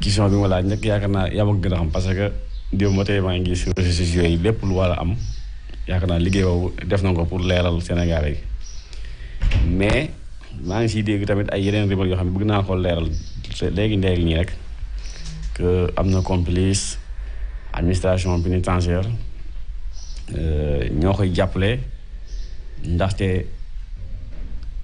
question bi ma laaj nag yaakaar naa yaa ma gën a xam parce que démb ba tey maa ngi sur réseaux sociaux yi lépp lu war a am yaakaar naa liggéey boobu def na ko pour leeral Sénégal yi mais maa ngi siy dégg tamit ay yeneen rumeur yoo xam ne bëgg naa ko leeral léegi léegi ñi rek que am na complice administration pénitentiaire euh, ñoo koy jàppale ndaxte.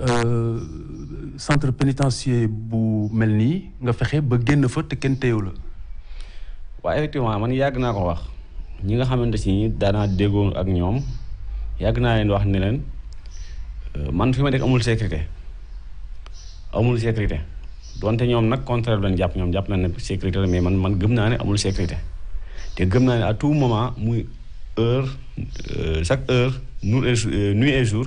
Euh, centre pénitentiaire bu mel nii nga fexe ba génn fa te kenn téyew la. waaw effectivement man yàgg naa ko wax ñi nga xamante si ni daanaa déggoo ak ñoom yàgg naa leen wax ne leen euh, man fi ma nekk amul sécurité amul sécurité donte ñoom nag contraire lañ jàpp ñoom jàpp nañ ne sécurité la mais man man gëm naa ne amul sécurité te gëm naa ne à tout moment muy heure euh, chaque heure nu et nuit et jour.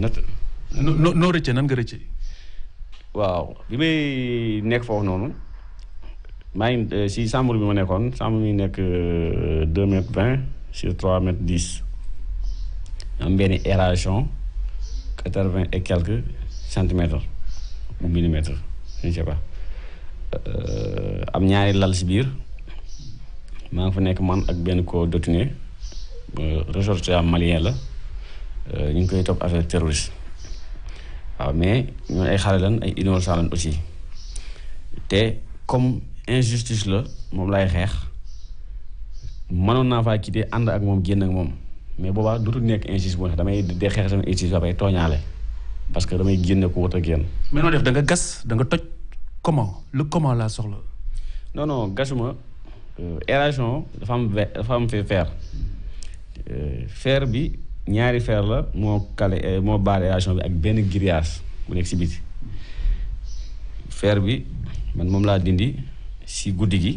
natt. noo noo rëcce nan nga rëcce. waaw bi may nekk foofu noonu maa ngi euh, si chambre bi ma nekkoon chambre mi nekk euh, deux mètres vingt sur trois mètres dix am benn aération quatre vingt et quelques centimètres ou millimètres je ne euh, am ñaari lal si biir maa ngi fa nekk man ak benn ko dotine am malien la. Euh, ñu ngi koy topp affaire terroriste waaw mais ñun ay xale lan ay innocent lan aussi te comme injustice la moom lay xeex mënoon naa faa quitter ànd ak moom génn ak moom mais boobaa dootul nekk injustice bu damay dee xeex sama injustice ba pare tooñaale parce que damay génne ko wut a génn. mais noo def da nga gas da nga toj comment le comment laa soxla. non non gasuma euh, aération dafa am dafa am fer fer euh, bi ñaari fer la moo cale euh, moo baal aération bi ak benn grillage bu nekk si biti fer bi man moom laa dindi si guddi gi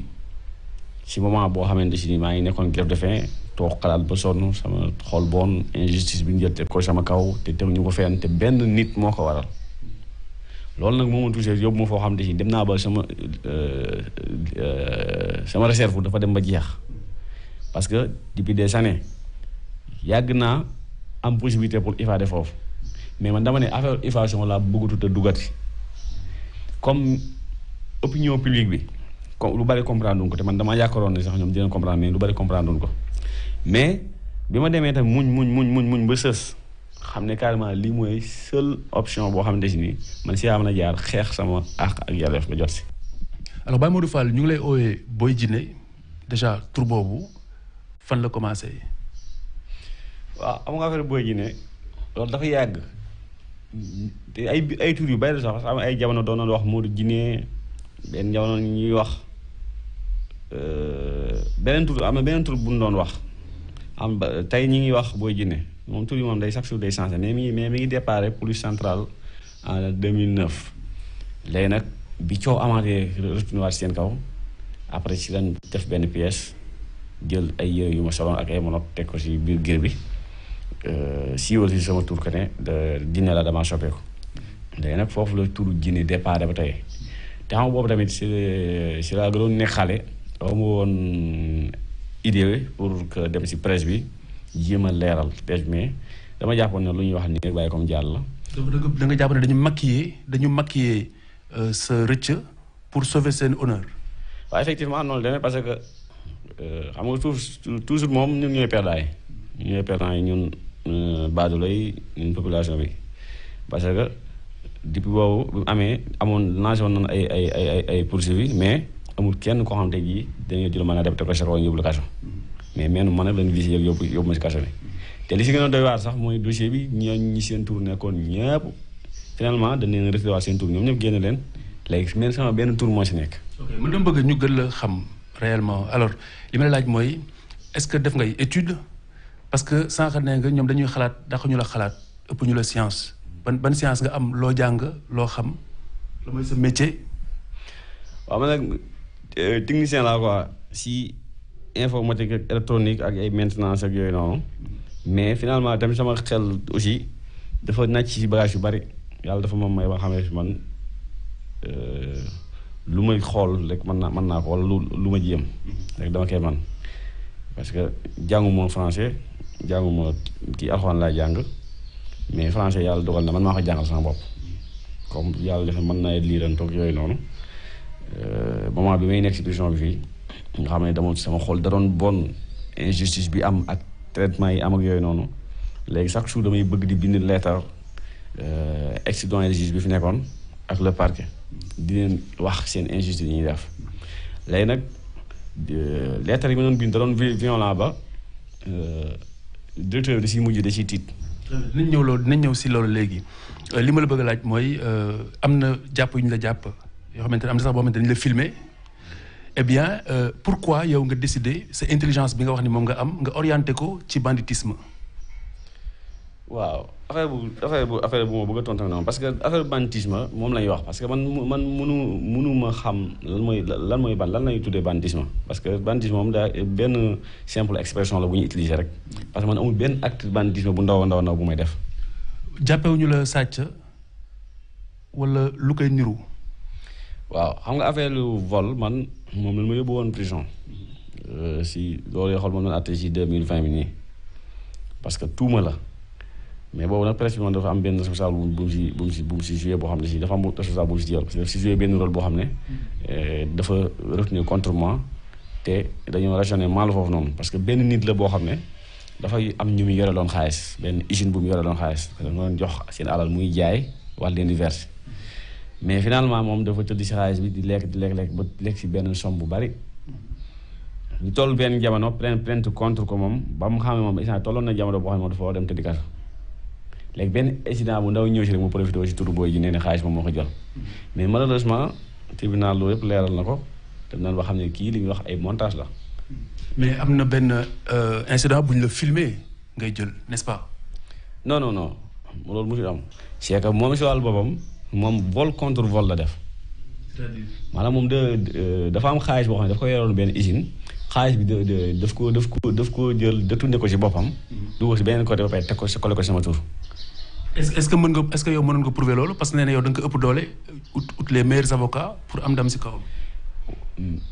si moment boo xamante si ni maa ngi nekkoon grève de faim toog xalaat ba sonn sama xol boon injustice bi ñu jël ko sama kaw te teg ñu ko fenn te benn nit moo ko waral loolu nag moo ma touché yóbbu ma foo xamante si dem naa ba sama euh, euh, sama réserve dafa dem ba jeex parce que depuis des années yàgg naa am possibilité pour ifaade foofu mais man dama ne affaire évasion laa bëggatut a duggati comme opinion publique bi comme lu bari comprendre ko te man damaa yaakaaroon ne sax ñoom dinañ comprendre mais lu bari comprendre ko mais bi ma demee tam muñ muñ muñ muñ muñ ba sës xam ne carrément lii mooy seule option boo xam xamante nii man si am na a jaar xeex sama àq ak yelleef ba jot si. alors Baye Modou Fall ñu ngi lay ooyee Boy Djiné déjà tur boobu fan la commencé. waaw am nga affaire Boy Djiné loolu dafa yàgg te ay ay tur yu bari la sax am ay jamono doon na wax Modou Djiné benn jamono ñuy wax euh, beneen tur am na beneen tur bu ñu doon wax am ba tey ñi ngi wax Boy Djiné moom tur yi moom day chaque jour day changé mais mi mais mi ngi déparé police centrale en 2009 léegi nag bi coow amaatee retourné seen kaw après si lañ def benn pièce jël ay yére yu ma soloon ak ay monok teg ko si biir gér bi siiwal euh, si sama tur que ne jinne la damaa soppeeku léegi nag foofu la turu jinne départ ba tey te xam boobu tamit si euh, si laa gënoon ne xale amu pour dem si presse bi jéem a leeral mais dama jàppoon ne lu ñuy wax nii bàyyi comme jàll la. donc da nga jàpp dañu maquiller dañu maquiller sa euh, rëcc pour sauver seen honneur. waaw effectivement noonu demee parce que xam nga toujours toujours moom ñun ñooy perdant ñun ñooy perdant ñun. Euh, baadoolo yi ñun population bi parce que depuis boobu bu amee amoon lancé woon ay ay ay ay ay poursuivi mais amul kenn koo xamante ji dañoo jël mën a def te ko sa yóbbu la kaso mais mais man nag lañu visé yóbbu bi te li si gën a doy leen retiré waat seen tur ñoom ñëpp génn leen léegi même sama benn tur moo si nekk. ok man dama bëgg ñu gën la xam réellement alors li ma la laaj mooy est-ce que def ngay étude. parce que sans nee nga nous dañuy la science ban ban sa métier. Euh, technicien quoi si informatique ak électronique ak ay maintenance mais finalement sama xel aussi dafa bagage yu bari yalla dafa may euh, rek mm-hmm. rek dama man parce que français. jànguma kii alxuraan laa jàng mais français yàlla dogal na man maa ko jàngal sama bopp comme yàlla def mën naa liiran toog yooyu noonu euh, moment bi may nekk si bi fii nga xam ne dama sama xol da bon injustice bi am ak traitement yi am ak yooyu noonu léegi chaque jour damay bëgg di bind leetar accident et juge bi fi nekkoon ak le parquet di leen wax seen injustice yi ñuy def léegi nag euh, leetar yi ma doon bind da doon violent ba euh, directeur bi da siy mujj da siy tiit. dinañ ñëw loolu dinañ ñëw si loolu léegi euh, li ma la bëgg a laaj mooy euh, am na jàpp yu ñu la jàpp yoo xamante ne am na sax boo xamante ne dañu la filmer eh bien euh, pourquoi yow nga décider sa intelligence bi nga wax ni moom nga am nga orienté ko ci banditisme. waaw affaire bu affaire bu affaire bu ma bëgg a tontu noonu parce que affaire banditisme moom la ñuy wax parce que man man munu mënuma xam lan mooy lan mooy ban lan lay ñuy tuddee banditisme parce que banditisme moom da benn simple expression la bu ñu utiliser rek parce que man amul benn acte banditisme bu ndaw ndaw ndaw bu may def. jàppewuñu la sàcc wala lu koy niru. waaw xam nga affaire lu vol man moom la ma yóbbu woon prison euh, si loolu yoo xam ne moom la ñu si deux mille vingt nii parce que tuuma la mais boobu nag presque dafa am bu si bu si bu si joué boo dafa am bu parce que rôle eh, retenir contre moi te dañoo raisonné mal foofu parce que Ben nit la boo xam ne am ñu mu yore xaalis benn bu seen alal muy jaay mais finalement moom dafa tëdd si bi di di ba contre ko ba mu لكن بين اجدان بو أن نيوشي رك مو بروفيتو سي تورو بوي نينا خايس مو مخو جول مي مالوروسمان تريبينال لو ييب ليرال نكو تم نان با خامني كي لي وخ اي مونتاج لا مي امنا بن انسيدان بو نلو فيلمي غاي جول نيس با نو نو نو مولول موشي maanaam moom de dafa am xaalis boo xam ne dafa ko yoroon benn usine xaalis bi de de daf ko daf ko daf ko ko si boppam. Mm-hmm. dugg si beneen côté ba pare ko si collé sama tur. est-ce que mën nga est que yow mënoon nga prouver loolu parce que nee na yow da nga ko am ndam si kawam.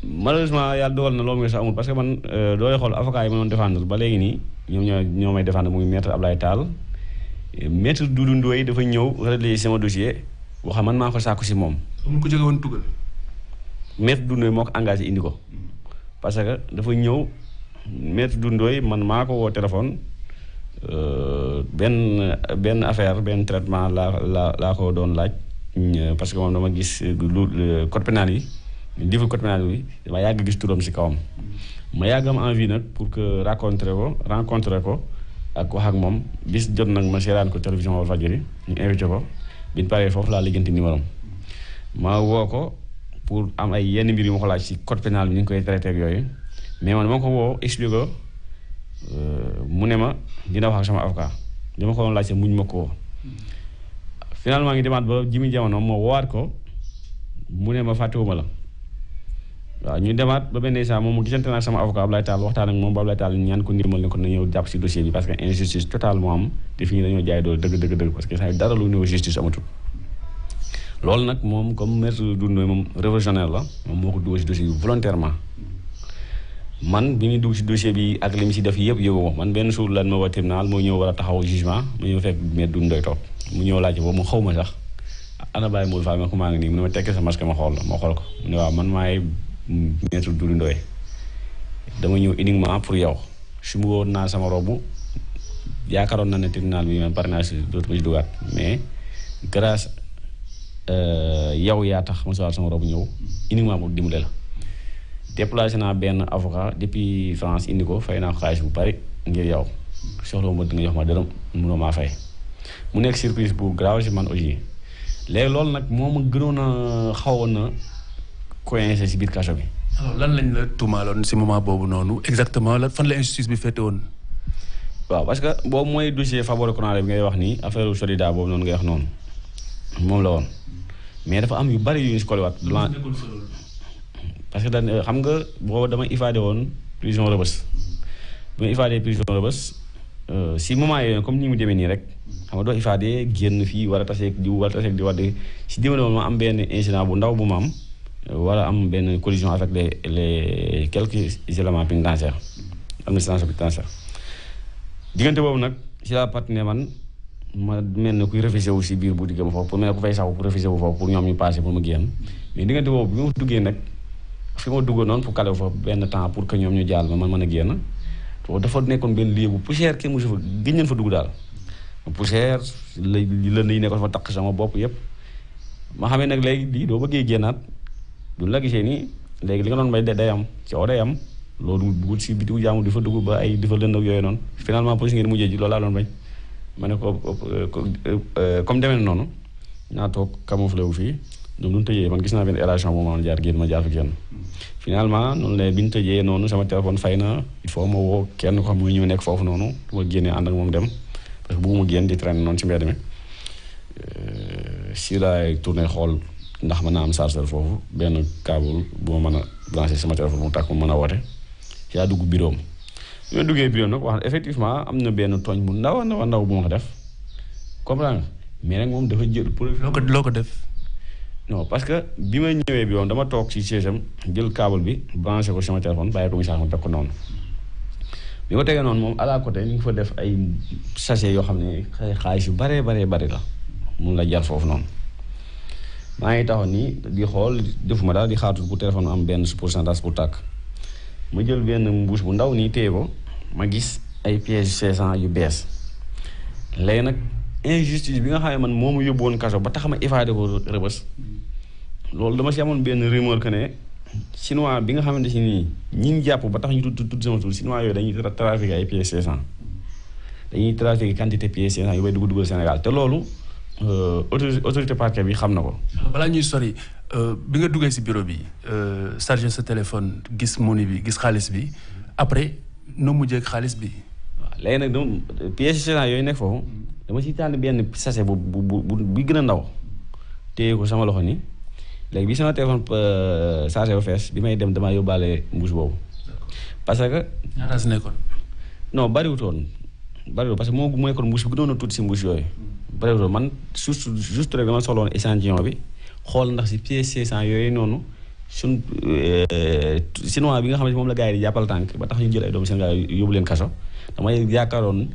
malheureusement yàlla dogal na loolu mooy sax amul parce que man euh, doolee xool avocat yi ma doon défendre ba léegi nii ñoom ñoo ñoo may défendre muy maître Ablaye Tall maître Doudou Ndoye dafa ñëw relayer sama dossier wax man maa ko sàkku si moom. amul ko jóge woon tugal. maître Dundoy moo ko engagé indi ko. parce que dafa ñëw maître Dundoy man maa ko woo téléphone euh, benn benn affaire benn traitement laa laa laa ko doon laaj. parce que moom dama gis lu code pénal yi livre code pénal bi dama yàgg gis turam si kawam. ma yàgg am envie nag pour que rencontré ko rencontré ko ak wax ak moom bis jot nag ma seeraan ko télévision Walfadjri ñu invité ko bi pare foofu laa lijjanti numéro ma woo ko pour am ay yenn mbir yu ma ko laaj ci code pénal bi ni ngi koy traité yooyu mais man ma ko woo expliqué ko euh, mu ne ma dina wax ak sama avocat li ma ko doon laaj sax muñ ma ko woo. finalement ngi demaat ba mu ma benn saa moom mu gisante nag sama avocat Ablaye Tall waxtaan ak moom ba Ablaye Tall ñaan ko ndimbal ne ko na ñëw jàpp si dossier bi parce que injustice totale am te dañoo jaay doole dëgg dëgg parce que saa dara lu néew justice loolu nag moom comme maître Doudou moom révolutionnaire la moom moo ko dugal si dossier bi volontairement man bi muy dugg si dossier bi ak li mu si def yëpp yëngu man benn suur lan ma woo tribunal moo ñëw war a taxaw jugement mu ñëw fekk maître Doudou Ndoye toog mu ñëw laaj mu xaw ma sax ana bàyyi Modou Fall ma ko maa ngi nii mu ne ma tekki sa xool ma xool ko mu ne waaw man maay maître Doudou Ndoye dama ñëw uniquement pour yow su mu woon naa sama robu yaakaaroon na ne tribunal bi man pare naa si dootuma si dugaat mais grâce Euh, yow yaa tax ma soxal sama robu ñëw uniquement pour dimbale la déplacé naa benn avocat depuis France indi ko fay naa ko xaalis bu bari ngir yow soxla ma dina jox ma dërëm fay mu nekk surprise bu grave man aussi loolu nag moo gënoon a xawoon na coincé si biir kaso bi. alors lan lañ la tuumaaloon si moment boobu noonu exactement lan fan la injustice bi fete woon. waaw parce que boobu mooy dossier Faboro Konaré bi ngay wax nii affaire Solida boobu noonu ngay wax noonu. moom la woon mais dafa am yu bari yu ñu si kolewaat. parce que daan euh, xam nga booba dama évadé woon prison Rebeuss bu ma évadé prison Rebeuss euh, si moment yooyu comme ni mu demee nii rek xam nga doo évadé génn fii war a taseeg di war di wadd si dimbali ma am benn incident bu ndaw bu ma am euh, war am benn collision avec les les quelques éléments pénitentiaires administration pénitentiaire diggante boobu nag si la partenaire man ma mel ne kuy révisé wu si biir boutique ma foofu pour mel ne ku fay saw pour révisé wu pour ñoom ñu passé pour mu génn mais diggante boobu benn temps pour que ñoom ñu jàll ma man mën a génn dafa nekkoon benn lieu bu la lënd yi sama bopp yëpp ma xamee nag léegi léegi li nga doon bay day am coow day am loolu dugul si bitigu jaamu di fa dugg ba ay di fa lënd yooyu noonu finalement police ngeen mujjee ji loolu laa doon bañ ma ne ko comme demee noonu naa toog camouflé wu fii ñoom lu tëjee man gis naa benn élation moom ma jaar génn ma jaar fi génn finalement noonu la bi ñu tëjee noonu sama téléphone fay na il faut ma woo kenn ko xam muy ñëw nekk foofu noonu du ma génnee ànd ak moom dem parce que bugguma génn di traîner noonu ci mbedd mi euh, si laay tourné xool ndax mën naa am chargeur foofu benn câble bu ma mën a branché sama téléphone mu tàkk mu mën a woote yaa dugg bureau bi ma duggee bureau nag wax effectivement am na benn tooñ mu ndaw ndaw ndaw bu ma ko def comprendre mais nag moom dafa jël profil. loo ko ko def. non parce que bi ma ñëwee bi yoon dama toog ci siège jël câble bi branché ko sama téléphone bàyyi ko message ma teg noonu bi ma tegee noonu moom à la côté ñu ngi fa def ay sachet yoo xam ne xëy xaalis yu baree baree bari la mun la jar foofu noonu maa ngi taxaw nii di xool defuma daal di xaatul bu téléphone am benn pourcentage bu tàkk ma jël benn mbuus bu ndaw nii téye ma gis ay pièges saisants yu bees léegi nag injustice bi nga xam ne man moo ma yóbbu woon kaso ba tax ma évadé ko rëbës loolu dama si amoon benn rumeur que ne chinois bi nga xamante ni nii ñin jàpp ba tax ñu tudd tudd sama tur chinois yooyu dañuy trafiqué ay pièces saisants dañuy trafiqué quantité pièces saisants yu bay dugg duggal Sénégal te loolu euh, autorité autorité parquet bi xam na ko. balaa ñuy sori euh, bi nga duggee si bureau bi euh, chargé sa téléphone gis money bi gis xaalis bi après. noo mujjee xaalis bi. waaw léegi nag donc pièces yooyu nekk foofu dama ci tànn benn sachet bu bu bu bi gën a ndaw téye ko sama loxo ni léegi bi sama téléphone euh, chargé ba fees bi may dem damaa yóbbaale mbuus boobu. parce que. ñaata si nekkoon. non bariwutoon bariwul parce que moo moo nekkoon mbuus bi gënoon a tuuti si mbuus yooyu. bariwutoon man juste juste rek dama soxla woon bi xool ndax si pièces 500 yooyu noonu. suñ euh, chinois bi nga xam ne moom la gaa yi di jàppal tànk ba tax ñu jël ay doomu Sénégal yóbbu leen kaso damay yaakaaroon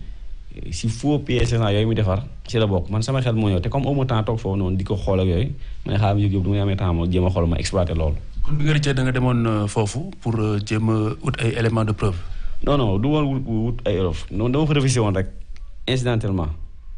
si faux pieds sénégalais yooyu mu defar ci la bokk man sama xel moo ñëw te comme amu temps toog foofu noonu ko xool ak yooyu may xaaral yëg yëpp du may amee a xool euh, foofu pour euh, jéem ay éléments de preuve. non non du woon wut ay olof noonu dama fa révisé woon rek incidentellement.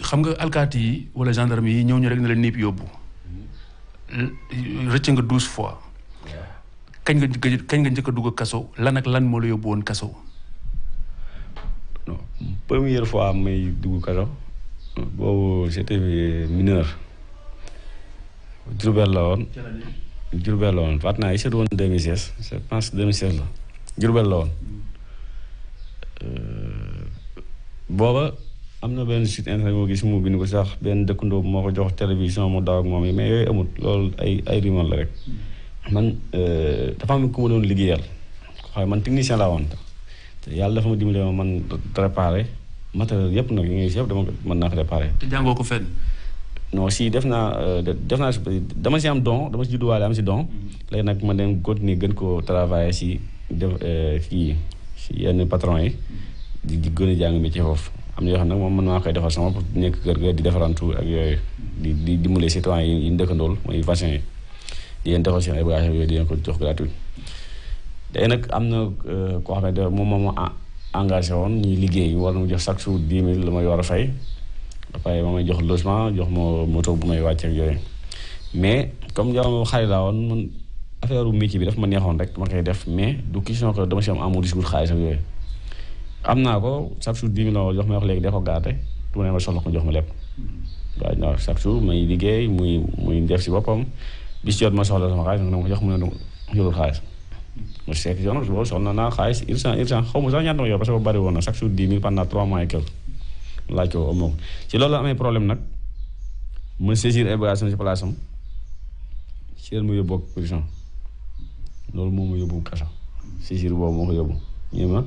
xam nga alkaati yi wala gendarme yi ñëw ñu rek ne la népp yóbbu rëcc nga douze fois kañ nga kañ nga njëkk a dugg kaso lan ak lan moo la yóbbu woon kaso. première fois may dugg kaso boobu j'étais mineur Diourbel la woon. Diourbel la woon faat naa yi seet woon 2016 je pense 2016 la Diourbel la woon euh, booba. amna na site internet boo gis mo bin ko sax benn dëkkandoo moo ko jox television mo daw ak moom mais yoy amul lol ay ay rumeur la rek man euh, dafa am ku ma doon liggéeyal xaw man technicien laa woon te yalla dafa ma dimbali man préparer matériel yep nak ngay chef dama man na préparer te jàngoo ko fenn. non si defna euh, defna dama si am don dama si judduwaale am si don mm-hmm. léegi nak ma dem ni gën ko travailler si def fi euh, si yenn patron yi di gën jang mi ci foofu. am na yoo xam nag moom mën naa koy defar sama pour nekk kër ga di defarantu ak yooyu di di dimbale citoyen yi yi dëkkandool mooy vaccin yi di leen defar seen ay bagage yooyu di leen ko jox nag am na euh, koo xam ne moom moom engagé woon ñuy liggéey war mu jox chaque jour dix la may war a fay ba pare ma may jox logement jox ma moto bu may wàcc ak yooyu mais comme yow xale laa woon man affaire métier bi daf ma neexoon rek ma koy def mais du question que dama si yooyu am naa ko chaque jour dix millions jox ma wax léegi de ko garde du ne ma soxla ko jox ma lépp waaw non chaque jour liggéey muy muy def si boppam bis jot ma soxla sama xaalis ma ko jox mu ne yorul xaalis ma seet yoon loolu soxla naa xaalis urgent urgent xaw ma sax ñaata ma yor parce que bari woon na chaque jour dix laaj ko amoo ko ci loolu la amee problème nag ma saisir évaluation ci place am ci leen ma yóbbu ak prison loolu moo ma yóbbu kaso saisir boobu moo ko yóbbu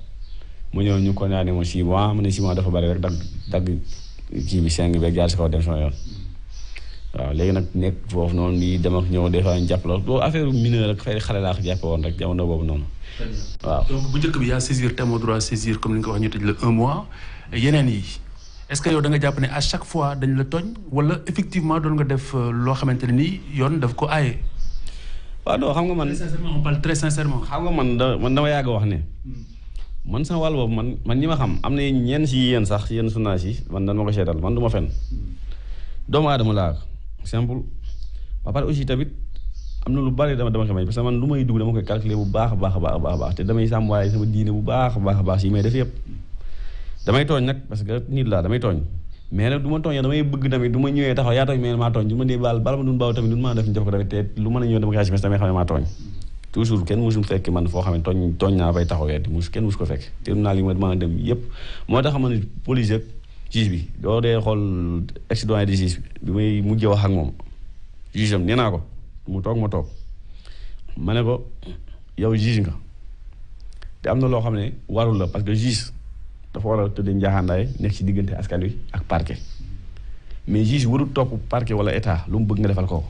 mu ñëw ñu ko naa ne ma ciment mu ne ciment dafa bari rek dagg dagg kii bi seng beeg jaar si kaw dem sama yoon waaw léegi nag nekk foofu noonu di dem ak ñëw des fois ñu jàpp loolu boobu affaire mineur rek xale laa woon rek jamono boobu noonu. waaw donc yaa saisir te amoo droit saisir comme ni nga ko wax ñu tëj yeneen yi. est-ce que yow da nga jàpp ne à chaque fois dañ la tooñ walla effectivement doon nga def euh, loo xamante ne nii yoon daf ko aaye. waaw xam nga man très sincèrement on parle xam nga man da man dama yàgg wax ne. Hmm. man sama wàll boobu man man ñi ma xam am na ñenn si yéen sax yenn sunna si man dan ma ko seetal man du ma fen doomu aadama laa simple ba pare aussi tamit am na lu bari dama dama ko may man lu bu baax a baax a baax a baax a baax si may def yëpp damay tooñ damay bëgg tamit du ma ñëwee taxaw yaa tooñ mais a ñëw maa tooñ toujours kenn musuñu fekk man foo xam ne tooñ tooñ naa bay taxawee di mus kenn musu ko fekk tribunal yi ma maa dem yëpp moo tax ma ne police ak juge bi doo dee xool ex-doyen de juge bi may mujjee wax ak moom juge am nee ko mu toog ma toog ma ne ko yow juge nga te am na loo xam ne warul la parce que juge dafa war a tëddee njaaxaandaay nekk ci diggante askan wi ak parquet mais juge warul toog parke wala état lu mu bëgg nga defal ko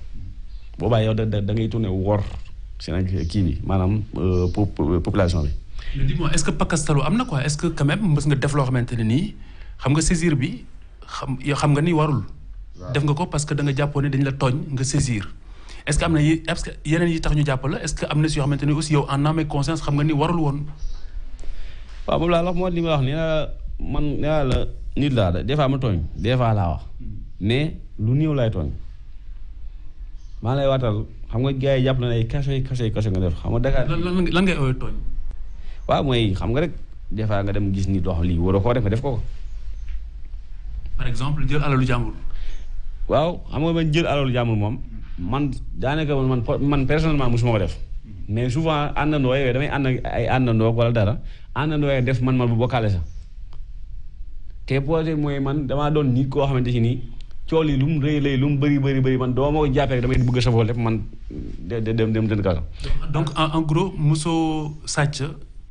boobaa yow da da ngay tourné wor Sénégal kii bi maanaam euh, population bi. mais dis-moi est-ce que pakastalu am na quoi est-ce que quand même nga def loo ne nii xam nga saisir bi xam xam nga ni warul. def nga ko parce que da nga jàppoon dañ la tooñ nga saisir. est-ce que am na yi est-ce que yeneen yi tax ñu jàpp la est-ce que am na si yoo xamante ne aussi yow en âme conscience xam nga ni warul woon. waaw moom laa wax moo li ma wax nee man nee naa la nit laa de des fois ma tooñ des fois laa wax hmm. mais lu néew laay tooñ maa lay waatal. xam nga gars yi jàpp na ne ay kaso yi kaso yi kaso nga def xam nga Dakar. lan lan ngay ooyee tooñ. waaw mooy xam nga rek des fois nga dem gis ni dox lii waroo koo ko ko. par exemple jël alalu jàmbur. waaw xam nga man jël alalu jàmbur moom. man daanaka man man personnellement mosuma ko def. mais souvent àndandoo yooyu damay ànd ak ay àndandoo wala dara àndandoo yooyu def man man bu bokkaale sax te projet mooy man damaa doon nit koo xamante ci nii cool yi lu mu rëy lay lu mu bëri bëri bëri man doo ma ko jàppee rek damay bëgg a safoo lépp man de dem dem dem kaso donc en gros mosoo sàcc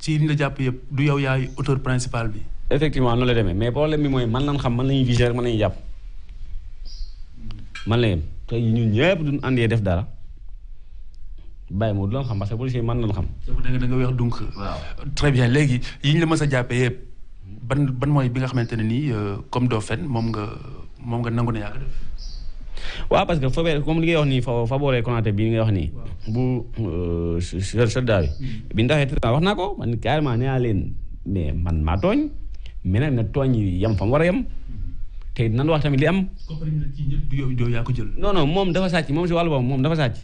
ci li ñu la jàpp yëpp du yow yaay auteur principal bi. effectivement noonu la demee mais problème bi mooy man lañ xam man la ñuy visé rek man la ñuy jàpp man la yem tey ñun ñëpp duñ àndee def dara. bàyyi moo du la xam parce que policier man lañ xam. da nga da nga weex donc. waaw très bien léegi yi ñu la mës a jàppee yëpp ban ban mooy bi nga xamante ne nii euh, comme doo fen moom nga. moom nga nangu ne yaa ko def. waaw parce que Fabien comme li ngay wax nii bii nga wax nii. bu euh, soldat mm. bi. bi ndaxee traitement wax naa ko man carrément nee naa leen mais man maa tooñ. mais nag na yi yam fa mu war a yam. Mm-hmm. te nan wax tamit li am. yaa jël. non non moom dafa sàcc moom si wàllu boobu moom dafa sàcc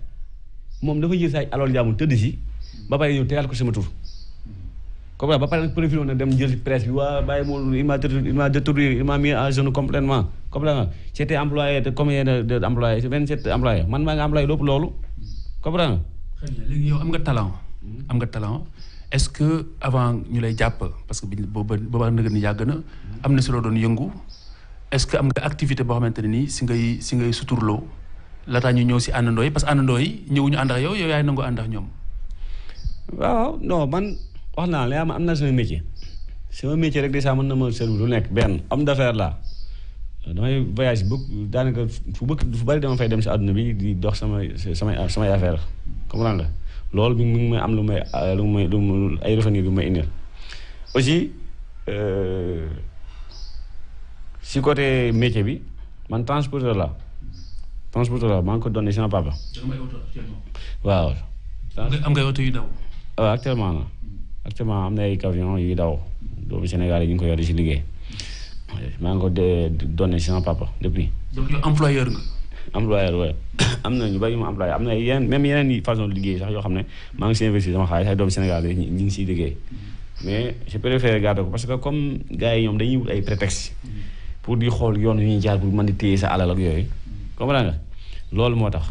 moom dafa jël sàcc alal jaamu tëdd si. ba pare yow tegal ko sama tur. comme ba paré profil na dem jël presse bi wa bàyyi mu il m'a il m'a détourné mis à genoux complètement comme la c'était employé de combien de employés 27 employés man maa ngi employé lopp lolu comprendre nga kan, léegi yow am nga talent hmm. am nga talent est ce que avant ñu lay japp parce que bo ba neug ni yagna hmm. am na si loo doon yëngu est ce que am nga activité bo xamanteni ni si ngay si ngay la ta ñu ñëw ci àndandoo yi parce que àndandoo yi ñu ànd ak yow yow yaay nangu ànd ak ñom waaw non man wax naa la am am naa sama métier sama métier rek déjà mën na ma servir lu nekk benn homme d'affaires laa damay voyage bu daanaka fu bëgg fu bari dama fay dem si àdduna bi di dox sama samay samay comme comprendre la loolu mi ngi may am lu may lu may lu ay revenus yu may indil aussi euh, si côté métier bi man transporteur la transporteur la maa ngi ko donné sama papa. waaw. am ngay oto waaw actuellement na actuellement am na ay camion yuy daw doomu Sénégal yi ñu ngi ko yore si liggéey maa ngi ko de donné si sama papa depuis. donc yow employeur nga. employeur waaye am na ñu bari ñu ma employé am na yeneen même yeneen yi façon liggéey sax yoo xam ne maa ngi si investi sama xaalis ay doomu Sénégal yi ñu ngi siy liggéey mais je préfère garder ko parce que comme gars yi ñoom dañuy wut ay prétexte pour di xool yoon yu ñuy jaar pour mën di téye sa alal ak yooyu comprends nga loolu moo tax.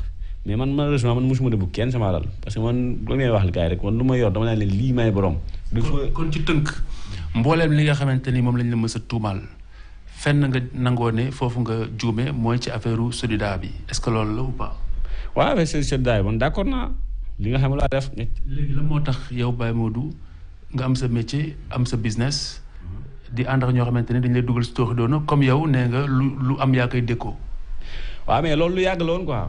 mais man malheureusement man mosuma dëbb kenn sama alal parce que man lu may wax gars yi rek man lu ma yor dama naan leen lii may borom. kon ci tënk mbooleem li nga xamante ni moom lañu la mës a tuumaal fenn nga nangoo ne foofu nga juume mooy ci affaire solidaa bi est-ce que loolu la ou pas. waaw mais Sodida bi man d'accord naa li nga xam laa def. léegi la moo tax yow Baye Modou nga am sa métier am sa business. di ànd ak ñoo xamante ne dañu lay dugal si tooxi doona comme yow nee nga lu lu am yaa koy déggoo. waaw mais loolu lu yàgg la woon quoi.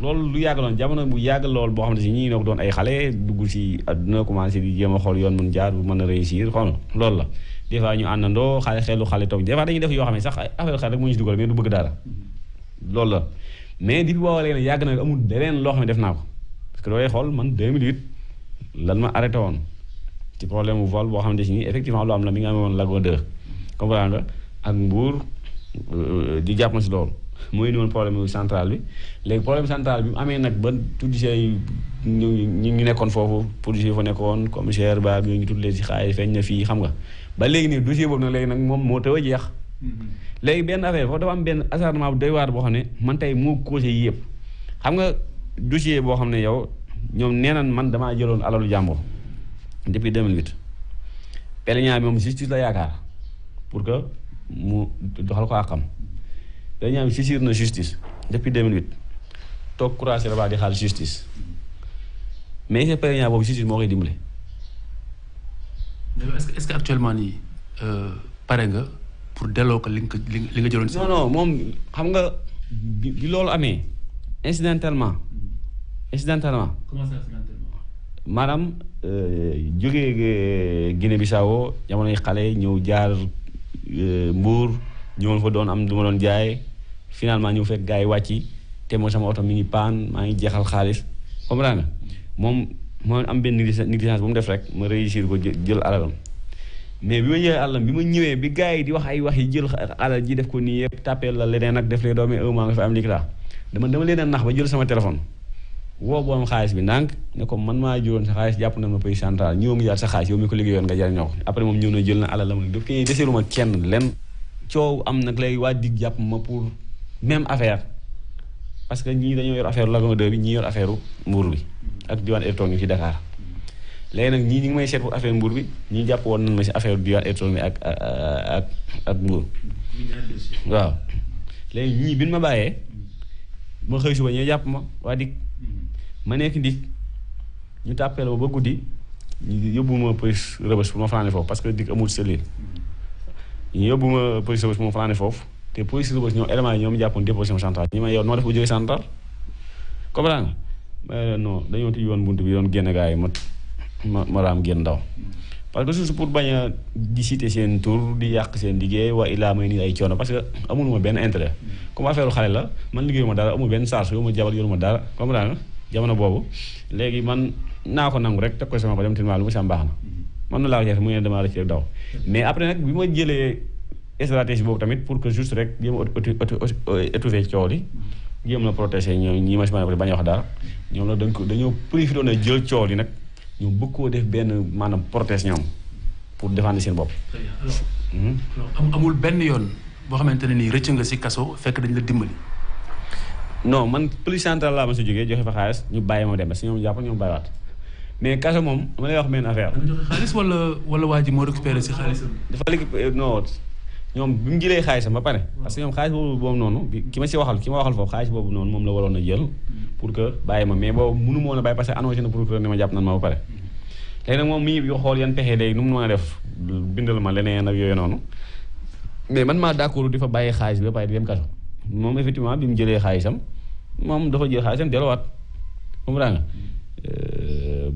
loolu lu yàgg loon jamono bu yàgg lool boo xam ne si ñii noo doon ay xale dugg si àdduna commencé di jéem a yoon mën jaar bu mën a réussir xam loolu la des fois ñu àndandoo xale xelu xale toog des fois dañuy def yoo xam ne sax affaire xale rek moo ñu si dugal mais du bëgg dara loolu la mais di boobaa léegi yàgg na amul leneen loo xam ne def naa ko parce que loolee xool man 2008 lan ma arrêté woon ci problème mu vol boo xam ne si nii effectivement lu am la mi nga amee woon lago 2 comprendre nga ak mbuur euh, di jàpp si loolu mooy indi woon problème central bi léegi problème central bi mu amee nag ba politiciens yi ñu ñu ñu nekkoon foofu politiciens yi fa nekkoon commissaire ba ñu tuddee si xaalis feeñ na fii xam nga ba léegi nii dossier boobu nag léegi nag moom moo taw a jeex. Mm-hmm. léegi benn affaire foofu dafa am benn acharnement bu doy waar boo xam ne man tey moo causé yëpp xam nga dossier boo xam ne yow ñoom nee nañ man damaa jëloon alalu jàmbur depuis 2008. plaignant bi moom justice la yaakaar pour que mu doxal ko àqam. dañu am saisir na justice depuis 2008 toog courage rabaa di xaar justice mais effet pérennat boobu justice moo koy dimbale. mais est-ce que est-ce que actuellement nii euh, pare nga pour delloo ko li nga ko li nga jëloon. non non moom xam nga bi loolu amee incidentellement. incidentellement. comment ça incidentellement. maanaam euh, jógee Guinée-Bissau jamonoy xale ñëw jaar euh, Mbour. ñu ma fa doon am lu ma doon jaay finalement ñu fekk gars yi wàcc te mooy sama oto mi ngi paan maa ngi jeexal xaalis comprendre nga moom moo am benn bu mu def rek ma réussir ko jël alalam mais bi ma jëlee alalam bi ma wax ay wax yi jël alal ji def ko nii yëpp tàppee la leneen ak def lee doomi un mois nga fi am lii dama dama leen a nax ba jël sama téléphone woo boom xaalis bi ndànk ne ko man maa juróon sa xaalis jàpp na ma pays central ñëw ngi jaar sa xaalis yow mi ko liggéeyoon nga jariñoo ko après moom ñëw na jël na alalam daf koy deseelu ma kenn lenn coow am nag léegi waa dig jàpp ma pour même affaire parce que ñii dañoo yor affaire Lagon 2 bi ñii yor affaire mbuur bi ak diwaan ci Dakar léegi nag ñii ñu ngi may affaire mbuur bi ñii jàpp woon nañ ma si affaire diwaan électronique ak ak ak mbuur waaw léegi ñii bi ma bàyyee ma xëy suba ñoo jàpp ma waa dig ma nekk ndig ñu tàppale ba guddi ñu yóbbu ma police rëbës pour ma fanaane foofu parce que dig amul cellule yóbbu ma police boobu moom fanaane foofu te police boobu ñoom élément yi ñoom jàppoon déposé ma central ñu ma yow noo def ba jógee central comprendre nga non bunt bi doon génn gars yi ma ma ma raam génn que su pour bañ a di citer seen tour di yàq seen liggéey waa illaa may nii ay coono parce que amul ma benn intérêt comme affaire xale la man liggéeyuma dara amul benn charge yow ma jabal yoruma dara comprendre nga jamono boobu léegi man naa ko nangu rek teg ko sama ba dem tinmaa lu mu sam baax na man laa ko jeex mu ne damaa daw mais après nag bi ma jëlee stratégie boobu tamit pour que juste rek jéem a étouffé coow li jéem la protéger ñoom ñi ma si mën a bañ a wax dara la dañ ko dañoo profité jël coow li nag ñu bëgg koo def benn maanaam protège pour défendre seen bopp. Hmm? amul benn yoon boo xamante ne nii rëcc nga si kaso fekk dañ la dimbali. non man police centrale laa ma si jógee joxe fa xaalis ñu bàyyi ma dem ba si ñoom jàpp ñoom bàyyiwaat. mais kaso moom dama lay wax benn affaire. xaalis wala wala waa ji moo récupéré si xaalisam. dafa léegi non ñoom bi mu jëlee xaalisam ba pare. parce que ñoom xaalis boobu boobu noonu bi ki ma si waxal ki ma xaalis boobu noonu moom la waroon a jël. pour que bàyyi ma a bàyyi parce que annoncé na procureur ne ma jàpp nan moom mi ngi xool yan pexe léegi nu mu mën a def bindal ma leneen ak yooyu noonu mais man maa d'accord di fa bàyyi xaalis ba pare di dem kaso moom effectivement bi mu jëlee xaalisam moom dafa jël xaalisam delluwaat comprends nga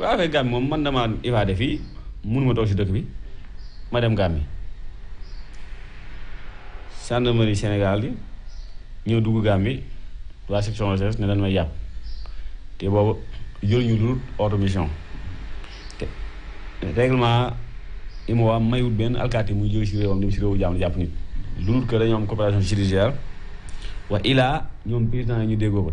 waaw affaire Gàmbi moom man damaa évadé fii mënuma toog si dëkk bi ma dem Gàmbi gendarmerie Sénégal bi ñëw dugg Gàmbi waa section recherche ne dañ may yàpp te boobu jëluñu dul auto mission te règlement IMOA mayut benn alkaati muy jóge si réewam dem si réewu jaam jàpp nit lu dul que dañoo am coopération judiciaire wa ilaa ñoom président yi ñu déggoo ko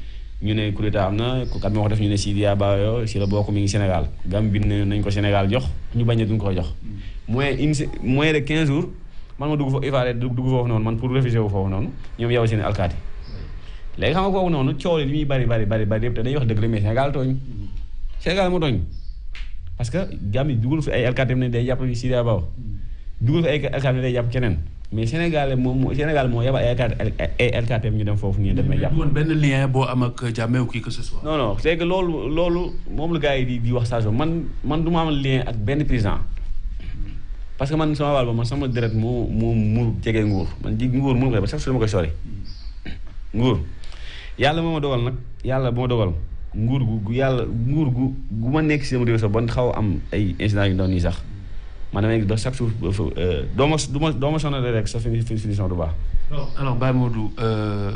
ñu ne coup d'état am na ku kat moo ko def ñu ne Sidiya Bayo si la bokk mi ngi Sénégal Gambie bind nañ ko Sénégal jox ñu bañ a duñ ko jox. moins une moins de quinze jours man ma dugg fa Ivoire dugg foofu noonu man pour réfugié wu foofu noonu ñoom yow seen alkaati. léegi xam nga noonu coow li muy bari bari bari bari yëpp te wax dëgg la mais Sénégal tooñ. Sénégal moo tooñ parce que Gambie duggul fi ay alkaati ne day jàpp Sidiya Bayo duggul fi ay alkaati ne day jàpp keneen. mais Sénégal moom moo Sénégal moo yabal ay ay LKPM ñu dem foofu nii demee jàpp. woon benn lien boo am ak jàmmeew kii que ce soit. non loolu loolu moom lu gars yi di di wax saa man man du ma am lien ak benn président parce que man sama wàll ba man sama deret mu mu mu jege nguur man ji nguur mënu ko def ba sax su ma koy sori. nguur yàlla moo ma dogal nag yàlla moo dogal nguur gu yàlla nguur gu gu ma nekk si sama réew sax ban xaw am ay incidents yu ndaw nii sax. maanaam da chaque jour doo ma du ma doo ma sonal rek sa finition du baax. alors Baye Modou euh,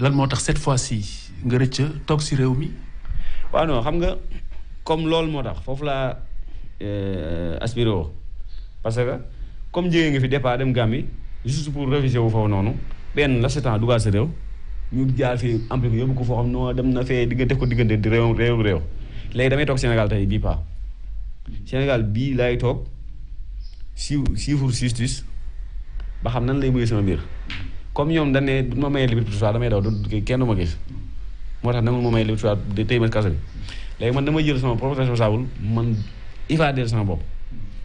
lan moo tax cette fois-ci nga rëcc toog si réew mi. waaw non xam nga comme loolu moo tax foofu laa euh, aspiré woo parce que comme jege nga fi départ dem gambi juste pour réviser wu foofu noonu benn la setan dugal sa réew ñu jaar fii amplifié ko yóbbu ko foo xam noo dem na fee digga def ko diggante réew réew réew léegi damay toog Sénégal tey bii pas Sénégal bii laay toog. siiw siiwul justice ba xam nan lay muyee sama mbir comme ñoom dañ ne du ma mayee liberté provisoire damay daw du kenn du ma gis moo tax nangul ma mayee liberté provisoire tey ma kaso bi léegi man dama jël sama propre responsable man évadé sama bopp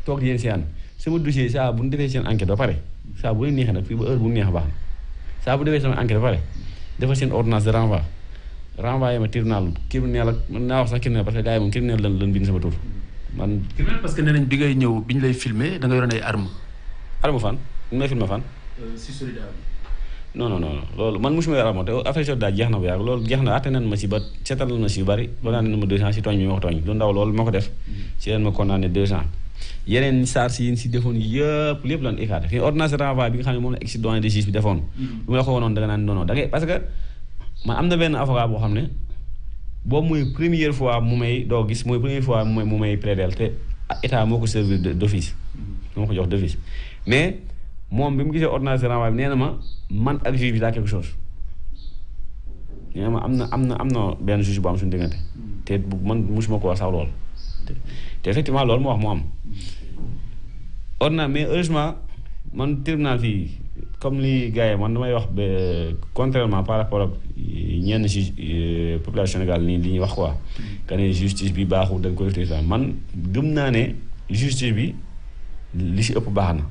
toog di yéen si ànd sama dossier saa bu ñu defee seen enquête ba pare saa bu leen neexee nag fii ba heure bu neex baax na saa bu defee sama enquête ba pare defal seen ordonnance de renvoi renvoyé ma tribunal criminel ak mën naa wax sax criminel parce que gars yi moom criminel lan lan bind sama man. criminel parce que nee nañ bi ngay ñëw bi ñu lay filmer da nga yoroon ay armes. arme fan nu may filmer fan. Euh, si solidarité loolu man mosuma yor arme te affaire soldat jeex na bu yàgg loolu jeex na atte nañ ma si ba seetal na ma si yu bëri ba naan ne deux ans si tooñ mm-hmm. si leen yi si defoon yëpp lépp lan écarté fii ordonnance de renvoi bi nga xam ne moom la ex doyen de juge bi defoon. lu mm-hmm. ma la ko woonoon da nga naan non non parce que man am na benn avocat boo xam ne bo moy première fois mu may doo gis moy première fois mu may près d'elle té état moko servir d'office mm-hmm. moko jox d'office mais mom bi mu ordonnance renvoi bi nee ma man ak juge bi daa quelque chose néna ma amna amna amna ben juge bu am suñu diggante mm-hmm. té man musuma ko wax sax lool té effectivement lool mo wax mo am mm-hmm. ordonnance mais heureusement man tribunal fi comme li gars yi man damay wax ba contrairement par rapport à ñenn ci euh, population Sénégal nii li ñuy wax quoi. que ne justice bi baaxul dañ koy utiliser man gëm naa ne justice bi li ci ëpp baax na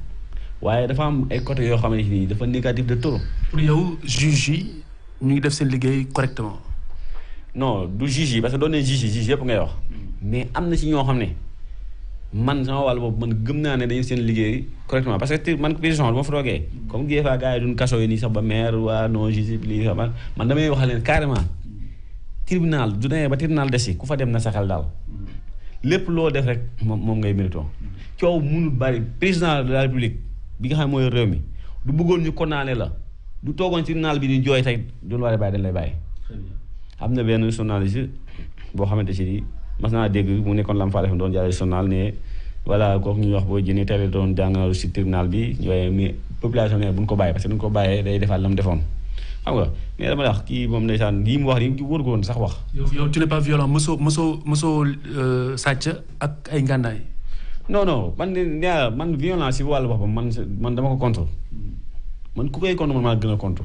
waaye dafa am ay côté yo xamné ni dafa négatif de trop. pour yow juge yi ñu def sen liguey correctement. non du juge parce que donné juge juge yëpp ngay wax. Hmm. mais amna ci ño xamné man sama wàll boobu man gëm naa ne dañu seen liggéey correctement parce que man prison bu ma fa toogee comme des fois gars yi duñ kaso yi nii sax ba maire waa non justice lii xam man damay wax leen carrément tribunal du demee ba tribunal des yi ku fa dem na sa xel daal lépp loo def rek moom moom ngay mérito coow mënul bari président de la république bi nga xam ne mooy réew mi du bëggoon ñu condamné la du toogoon ci tribunal bi di jooy tey duñu war a bàyyi dañ lay bàyyi am na benn journaliste boo xamante ci ni mas naa dégg mu nekkoon lam Fall def doon jaay sonal ne voilà kooku ñuy wax booy jëni teel doon jàngal si tribunal bi waaye mais population ne bu ko bàyyee parce que ñu ko bàyyee day defaat lam defoon xam nga mais dama wax kii moom ndeysaan lii mu wax nii wóor ko sax wax. yow yow tu n'es pas violent mosoo mosoo mosoo euh, sàcc ak ay ngànnaay. non non man nee man violence si wàllu boppam man man dama ko contre man ku koy contre man maa gën a contre.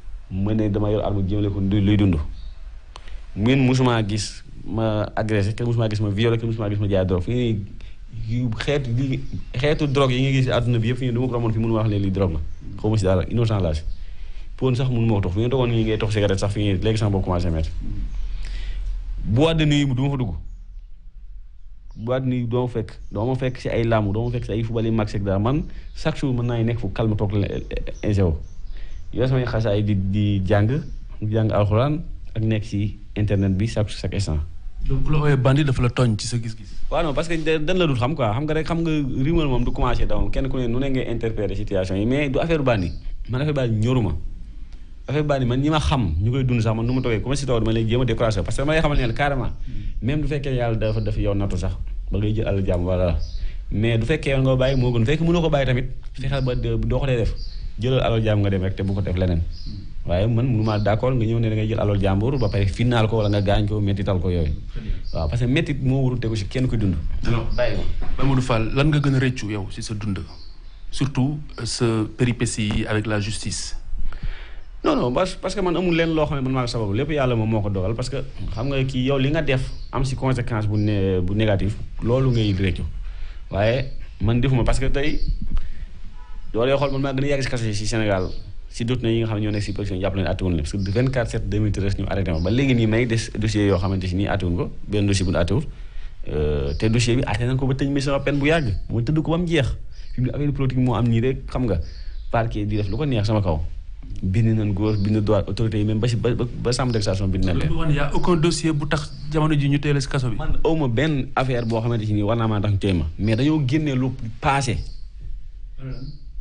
ma ne dama yor arme jëmale ko luy dund ngeen mosuma gis ma agressé kenn mosuma gis ma violé kenn mosuma gis ma jaay drogue fi ngeen yu xeetu drogue yi nga gis àdduna bi yëpp fi ngeen du ma ko romoon fi mënu wax leen lii drogue si dara innocent laa si poon sax mënu ma ko tox fi ngeen togoon nii ngay tox cigarette sax fi ngeen léegi sama bopp commencé métti boîte de nuit du fa dugg boîte de nuit doo fekk doo ma fekk si ay làmb doo ma fekk si ay fubal yu mag dara man chaque jour mën naa nekk fu calme toog la ingéo yor samay xasaay di di jàng di jàng alxuraan ak nekk si internet bi chaque chaque instant. donc ku la ooyee bandi dafa la tooñ ci sa gis-gis. waaw non parce que dañ la dul xam quoi xam nga rek xam nga rumeur moom du kenn ku ne nu ne ngay interpréter situation yi mais du affaire bandi man affaire ma nu ma toogee ku ma si taw dama lay jéem a découragé parce que dama lay xamal ne fekkee yàlla dafa def yow nattu sax ba ngay jël àll jàmm wala mais du fekkee yow nga bàyyi moo gën fekk mënoo ko bàyyi tamit fexeel ba doo ko dee def jëlal alal jaam nga dem rek te bu ko def leneen waaye man mënuma d'accord nga ñëw ne da ngay jël alal jàmbur ba pare finnaal ko wala nga gaañ ko méttital ko yooyu waaw si yow sa dund surtout euh, sa péripétie yi avec la justice non non parce que man amul leen loo xam ne man maa sababu lépp yàlla moom moo ko dogal parce que xam nga kii yow li nga def am si conséquence bu né bu négatif loolu ngay rëccu waaye man defuma parce que tey doo dee a yàgg si kaso yi si Sénégal si doot nga xam ne ñoo nekk si position jàpp nañu yoo euh, bi àtte nañ ko ba tëj ba mu jeex fi mu ne affaire politique moo am nii xam nga parquet di def lu ko neex sama kaw bind nañ góor bind droit autorité yi même ba si ba ba bind nañ leen. y a aucun dossier bu tax jamono ji ñu téye si kaso bi. man aw benn affaire boo xamante si nii war naa maa tax ñu téye ma mais dañoo génne lu passé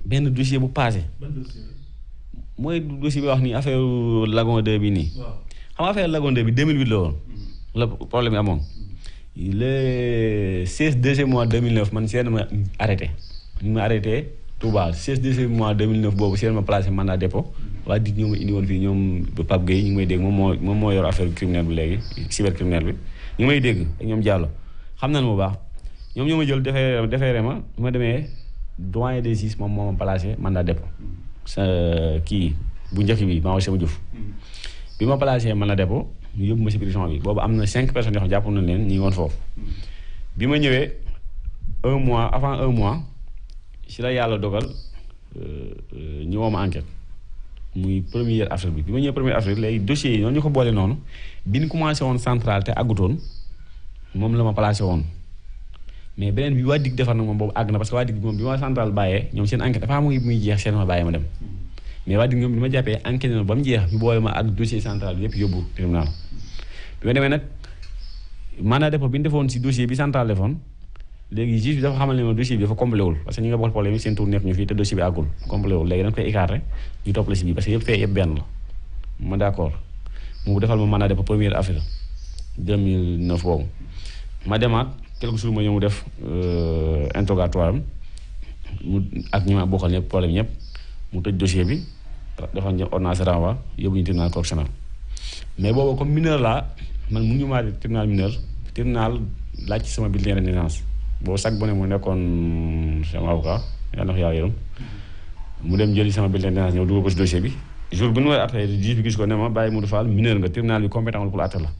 ben dossier bu passé. ben dossier moy dossier bi wax ni affaire lagon 2 bi ni xam affaire lagon 2 bi 2008 la won mm-hmm. le problème amone amoon. le 16 deuxième mois 2009 man sen ma arrêté. ñu ma arrêté Touba 16 deuxième mois 2009 bobu sen ma placé mandat dépôt. wa dit ñoo ma indi woon fii ñoom Pape Gueye ñu may dégg moom mo moom yor affaire criminel bi légui cyber criminelle bi. ñu may dégg ak ñoom Diallo xam nañ bu baax ñoom ñoo ma jël defee defeere ma ma démé doyen des juges moom moom ma man mandat dépôt sa kii bu njëkk bi maa sama jëf bi ma placé mandat dépôt ñu yóbbu ma si prison bi boobu am na cinq person yoo jàpp na leen ñu ngi woon foofu bi ma ñëwee un mois avant un mois si la yàlla dogal euh, ñu woo ma enquête muy premier avril bi bi ma ñëwee premier avril léegi dossiers yi noonu ñu ko boole noonu bi ñu commencé woon central te àggutoon moom la ma placé woon mais beneen bi waa dig defar nag moom boobu àgg na parce que waa dig moom bi ma central bàyyee ñoom seen enquête dafa amoon muy jeex seen ma bàyyi ma ma jàppee enquête na ba mu jeex ñu xamal nga bokkal problème bi d' accord mu defal ma mandat de dépôt première affaire 2009 boobu ma demaat quelques jours ma ñëw mu def euh, interrogatoire am mu ak ñi ma bokkal ñëpp mu tëj dossier bi defal ñu ordonnance renvoi yóbbu ñu tribunal correctionnel mais boobu comme mineur laa man mu maa di tribunal mineur tribunal laaj ci sama bulletin de naissance boobu sax bu ne mu nekkoon sama avocat yàlla na ko yàlla yërëm mu dem jëli sama bulletin de naissance ñëw dugal ko si dossier bi jour bu ñu war a atte juge bi gis ko ne ma bàyyi Modou Fall mineur nga tribunal bi la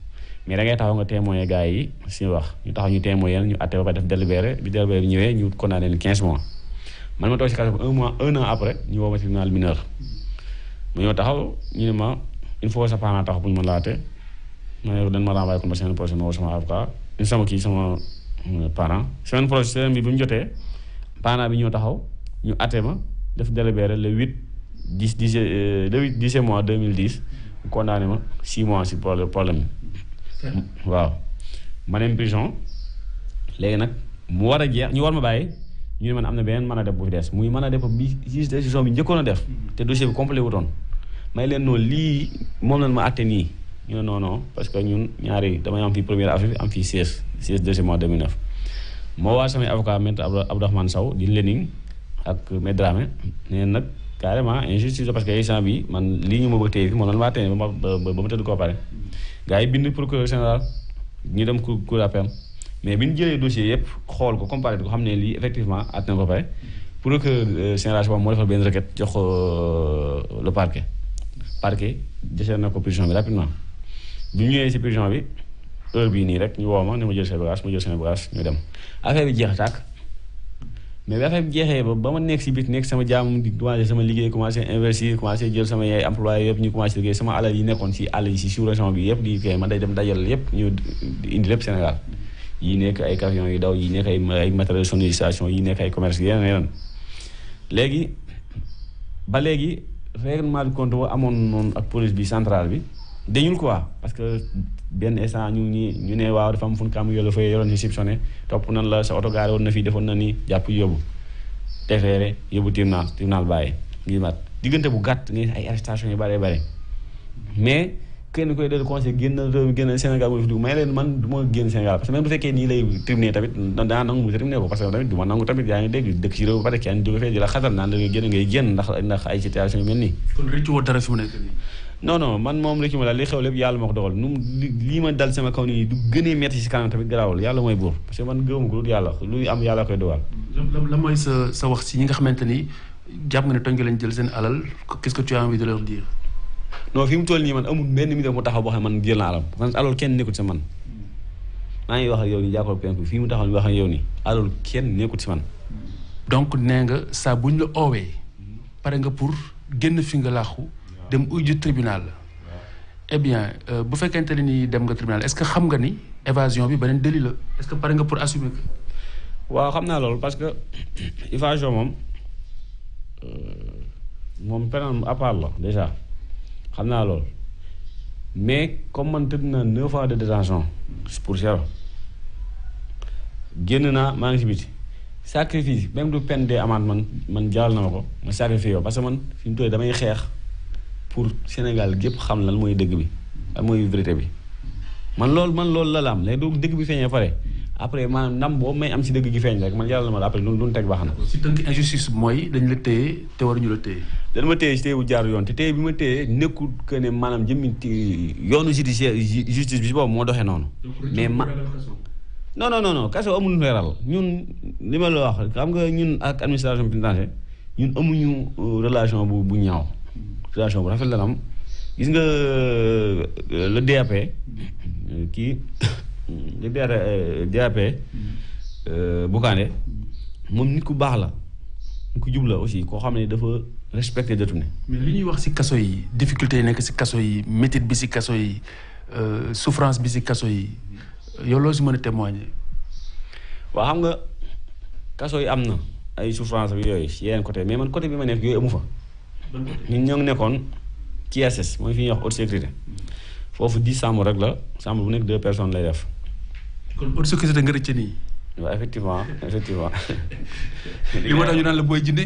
mais da ngay taxaw nga témoigner gars yi si wax ñu taxaw ñu témoigner ñu atté ba def délibéré bi délibéré bi ñëwé ñu condamné 15 mois man ma toog si kaso un mois un an après ñu woo ma tribunal mineur mu ñëw taxaw ñu ma une fois sa parent taxaw bu ñu ma laté ma yow dañ ma renvoyé ko semaine prochaine ma woo sama avocat sama ki sama euh, parent semaine prochaine bi bu ñu jotee parent bi ñëw taxaw ñu atté ma def délibéré le 8 10 10 euh, le 8 10 mois 2010 condamné ma 6 mois ci problème waaw ma dem prison léegi nag mu war a jeex ñu war ma bàyyi ñu ne man am na beneen mën a def bu fi des muy mën a def bi juge décision bi njëkkoon a def mhm. te dossier bi complet wutoon may leen noonu lii moom lañ ma atte nii ñu ne non parce que ñun ñaari damay am fii première affaire am fii seize seize deuxième mois 2009 moo waa samay avocat maître Abdourahmane saw di Lening ak Medrame nee nag carrément injustice la parce que instant bi man lii ñu ma bëgg tey fii moom lan maa tey ba ma ba ma tëdd koo pare gars yi bind procureur général ñu dem cour cour d'appel mais bi ñu jëlee dossier yëpp xool ko comparé ko xam ne lii effectivement at na ko pare procureur euh, général boobu moo defal benn requête jox euh, le parquet parquet jësee na ko prison bi rapidement bi ñu ñëwee si prison bi heure bii nii rek ñu woo ma ne ma jël seen bagage ma jël seen bagage ñu dem affaire jeex tàkk mais bi affaire bi jeexee ba ba ma nekk si biir nekk sama jaamu di commencé sama liggéey commencé investir commencé jël sama yaay employé yëpp ñu commencé liggéey sama alal yi nekkoon si àll yi si sous bi yëpp di kay man day dem dajal yëpp ñu indi lépp Sénégal yi nekk ay camion yu daw yi nekk ay matériel sonorisation yi nekk ay commerce yeneen léegi ba léegi règlement de compte ba amoon noonu ak police bi centrale bi dañul quoi parce benn instant ñu ñi ñu ne waaw dafa am fu ñu kàmm yooyu la fa yoroon réceptionné topp nan la sa oto gaare na fii defoon na ni jàpp yóbbu defeere yóbbu tribunal tribunal bàyyi ngi mat diggante bu gàtt nga ay arrestation yu bare bare mais may leen man du génn Sénégal parce que même bu fekkee nii lay tribunal tamit danaa nangu mu tribunal ko parce que tamit du nangu tamit yaa ngi dégg dëkk ci réew ba pare kenn jóge fee di la xatal naan génn ndax ndax ay situation mel nii non non man moom li ci ma daal xew lépp yàlla moo ko dogal nu mu lii ma dal sama kaw nii du gënee metti si kanam tamit garaawul yàlla mooy buur parce que man gëwuma a lu a luy am yàlla koy dogal. la mooy sa ñi nga xamante ni jàpp nga lañ jël seen alal qu'est-ce que tu as non fi mu toll nii man amul benn mi mu taxaw boo xam ne man jël naa alam man alal kenn nekkul si man maa ngi wax ak yow nii fii mu taxaw ni wax ak yow kenn nekkul si man. donc nee nga saa ñu la oowee pare nga pour génn fi nga laaxu dem uy tribunal eh bien euh, bu fekkente ni dem nga tribunal est-ce que xam nga ni évasion bi benen délit la est-ce que par nga pour assumer Wa waaw xam naa loolu parce que évasion moom euh, mom pénal à part la déjà xam naa mais comme man tëdd naa neuf ans de détention pour zéro génn na ma ngi biti sacrifice même du peine d'amende man man jaral na ko ma sacrifice yow parce que man fim mu damay xex pour Sénégal gépp xam lan mooy dëgg bi lan mooy vérité bi man loolu man loolu la la am léegi donc dëgg bi feeñee pare après maanaam ndam boobu may am si dëgg bi feeñ rek man yàlla la ma après lu teg baax na. si tënk mooy dañ la téye te waruñu la téye. dañ ma téye si téye bu jaar yoon te téye bi ma téye nekkul que ne maanaam jëmmi yoonu judiciaire justice bi si boobu moo doxee noonu. mais ma non non non non kaso amul leeral ñun li ma la wax xam nga ñun ak administration pénitentiaire ñun amuñu euh, relation bu bu ñaaw. relation bu rafet am gis nga euh, le DAP kii le DAP euh, euh, Boucandé moom nit ku baax la nit ku jub la aussi koo xam ne dafa respecté détenu mais li ñuy wax ci kaso yi difficulté yi nekk ci kaso yi métit bi ci kaso yi souffrance bi ci kaso yi yow loo ci mën a témoigner. waa xam nga kaso yi am na ay souffrance bi yooyu yeneen côté mais man côté bi ma nekk yooyu amu fa. ñun ñoo ngi nekkoon ci ISS mooy fi ñuy wax haute foofu dix chambre rek la chambre bu nekk deux personnes lay def. kon haute sécurité nga rëcc nii. waaw effectivement effectivement. li moo tax ñu naan la booy jinne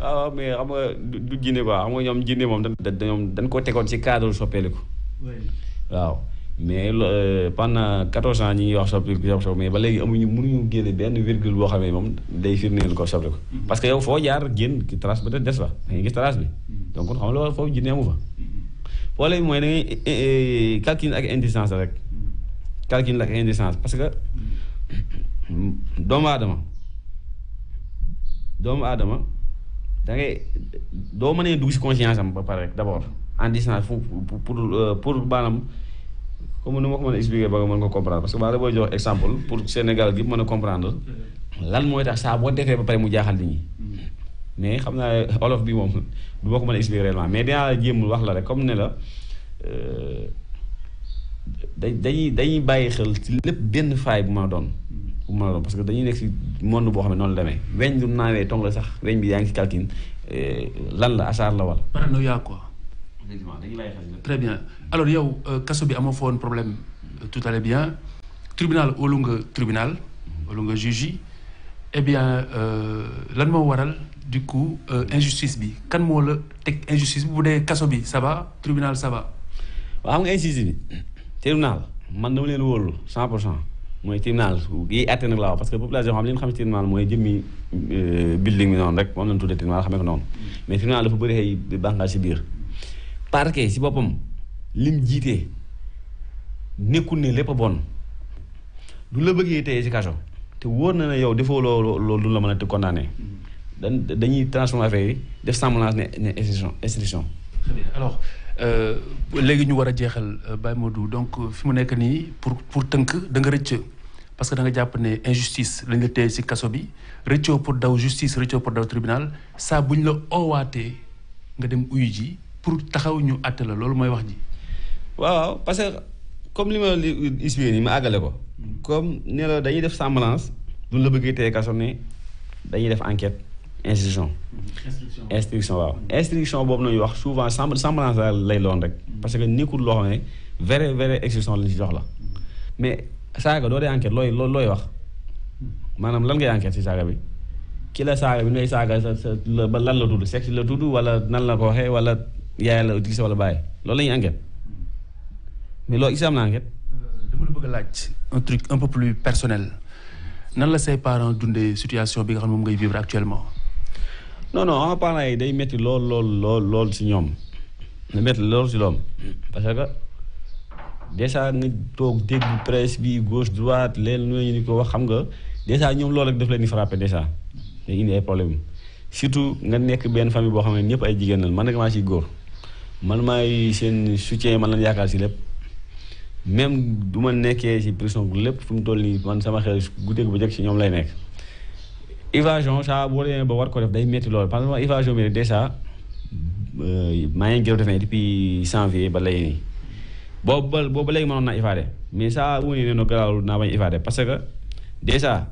waaw mais xam nga du jinne quoi xam nga ñoom jinne moom dañ dañ dañ koo tegoon ci cadre soppeeliku. waaw. mais euh, pendant quatorze ans ñi ngi wax soppi soppi mais ba léegi amuñu mënuñu génne benn virgule boo xamee moom day firndeel ko soppi ko. Mm-hmm. parce que yow foo jaar génn ki trace ba des fa da ngay gis trace bi. Mm-hmm. donc kon xam nga loolu foofu mm-hmm. mooy da ngay eh, eh, ak indistance rek. calcul ak indistance parce que doomu aadama doomu aadama da ngay doo mënee dugg si conscience am ba pare rek d' abord en distance pour pour euh, pour maanaam. comme ni ma ko mën a expliquer ba nga mën ko comprendre parce que baa la booy jox exemple pour Sénégal gi mën a comprendre lan mooy tax saa boo defee ba pare mu jaaxal nit ñi mais xam naa olof bi moom du ma ko mën a expliquer réellement mais dinaa la wax la rek ne la euh, da dañuy dañuy bàyyi xel ci lépp benn faay bu ma doon bu ma doon parce que dañuy nekk ci monde boo xam ne noonu la demee weñ du naawee tong sax weñ bi yaa ngi ci calcul euh, lan la asaar la wala très bien alors yow y a un problème euh, tout allait bien tribunal au long tribunal mhm. au juge eh bien euh, lan du coup euh, injustice bi injustice ça va tribunal ça va Vous xam injustice tribunal man tribunal parce que population tribunal building tribunal vous mhm. mais tribunal dafa bëri de vous parquet si boppam lim jiitee nekkul ne lépp a bon du la bëggee tey ci kaso te wóor na ne yow defoo la mën a te condamné mm-hmm. dañ dañuy transformé affaire yi def ne ne instruction instruction alors euh, léegi ñu war a jeexal euh, Baye donc euh, fi mu nekk nii pour pour tënk da nga rëcc parce que da jàpp ne injustice lañ la téye ci kaso bi rëccoo pour daw justice rëccoo pour daw tribunal saa bu ñu la oowaatee nga dem uyu ji pour taxaw ñu àtte la loolu mooy wax ji. waaw parce que comme li ma li ni ma agalé ko. comme ne la dañuy def semblance. duñ la bëggee tey kaso ne dañuy def enquête instruction. instruction instruction waaw. instruction boobu nañu wax souvent semblance lay doon rek. parce que nekul lo xamé vrai vrai instruction li ci jox la. mais saaga doo dee enquête loy loy wax manam lan ngay enquête ci saga bi. ki la saga bi ngay saga sa lan la tudd sexe la tuddu wala nan la ko waxee wala. yaay la gis wala bàyyi loolu la ñuy enquête mais loolu islam na enquête. Euh, dama la bëgg a laaj un truc un peu plus personnel nan la say parents dundee situation bi nga xam ne moom ngay vivre actuellement. non non ama parents yi day métti lool lool lool lool si ñoom day métti lool si loom parce que dèjà nga toog dégg presse bi gauche droite leen ñu ni ko wax xam nga dèjà ñoom loolu rek daf leen di frappé dèjà day indi ay problème surtout nga nekk benn famille boo xam ne ñëpp ay jigéen lañ man nag maa ciy góor. man maay seen soutien man lañ yaakaar si lépp même du ma nekkee si prison bu lépp fu mu toll nii man sama xel guddeeg ba njëkk si ñoom lay nekk. évasion saa boo demee ba war ko def day metti lool parce que évasion bi euh, maa ngi gërëm dafay depuis janvier ba léegi boobu ba boobu ba léegi mënoon mais saa bu ma naa bañ parce que dèjà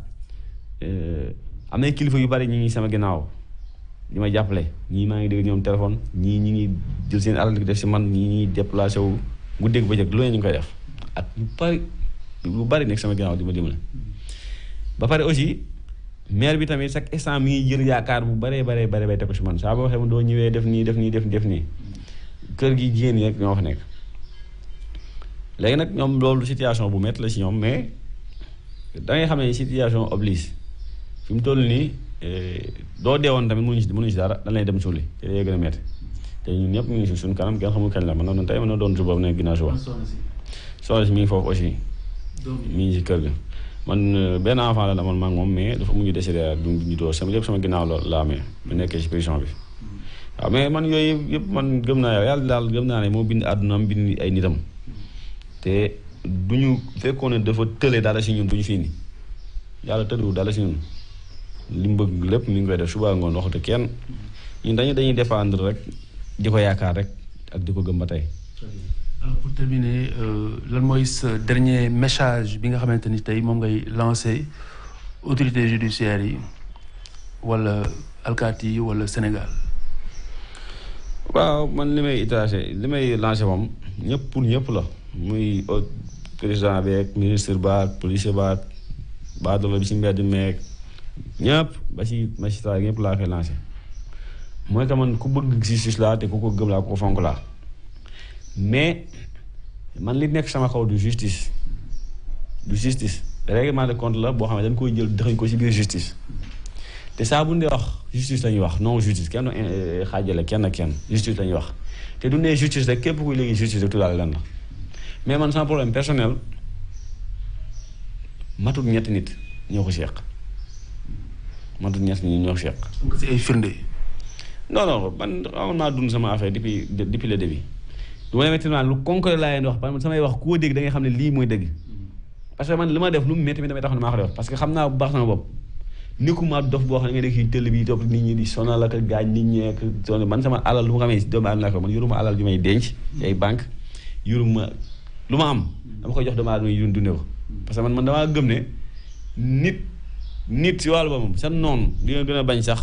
euh, am na kilifa yu bari ñu ngi sama ginnaaw ñu ma jàppale ñii maa ngi dégg ñoom téléphone ñii ñi ngi. jël seen alal di def si man ñi déplacé wu guddeeg bëccëg lu ne ñu ngi koy def ak yu bari lu bari nekk sama ginnaaw di ma la ba pare aussi maire bi tamit chaque instant mi ngi jël yaakaar bu baree baree baree bay teg si man saa boo waxee mu doo ñëwee def nii def nii def nii def nii kër gi jigéen yi rek ñoo fa nekk léegi nag ñoom loolu situation bu métti la si ñoom mais da xam ne situation oblige fi mu toll nii eh, doo deewoon tamit mënuñu si mënuñu si dara dañ lay dem suuli te day te ñun ñëpp mu ngi kanam kenn xamul kañ la mën na doon tey mën na doon suba nekk ginnaaw suba. soo si mi ngi foofu aussi. mi ngi si kër ga. man euh, benn enfant la la man maa moom mais dafa mu juddoo sama yëpp sama ginnaaw la la amee mu nekkee si prison bi. Mm. mais man yooyu yëpp man gëm naa yàlla daal gëm naa ne moo bind àddunaam bind ay nitam. te du ñu fekkoon ne dafa tële dara si ñun bu ñu fii nii yàlla tëluwul dara si ñun li mu bëgg lépp mu ngi koy def suba ngoon waxatu kenn ñun dañuy dañuy dépendre rek diko ko yaakaar rek ak diko gëm ba tey. alors pour terminer euh, lan mooy sa dernier message bi nga xamante ni tey moom ngay lancé autorité judiciaire yi wala alkaati yi wala Sénégal. waaw man li may itagé li may lancé moom ñëpp pour ñëpp la muy président beeg ministre baak policier baak baadoola bi si mbedd meeg ñëpp ba si magistrat ñëpp laa koy lancé mu ne man ku bëgg justice la te ku ko gëm laa ko fonk laa mais man li nekk sama xaw du justice du justice règlement de compte la boo xam ne dañ koy jël dëxañ ko ci biir justice te saa bu ndee wax justice la ñuy wax non justice kenn du eh, eh, xaajale kenn ak kenn justice la ñuy wax te du nee justice rek képp kuy léegi justice rek tuddaale lan la mais man sans problème personnel matut ñetti nit ñoo ko seq matut ñetti nit ñoo ko seq. ay firnde. non non man amoon naa dund sama affaire depuis lu concret laa leen wax parce que samay wax koo dégg da ngay xam ne lii mooy dëgg. li ma def lu mu métti mi damay tax ne maa ko def parce que xam naa bu baax sama bopp. nekkuma dof boo xam ne nga nekk ci bi lu ma xamee banque yoruma lu ma am. dama koy jox doomu aadama yi dundee ko. parce que man man gëm ne nit nit si wàllu boppam sa noonu li nga gën a bañ sax.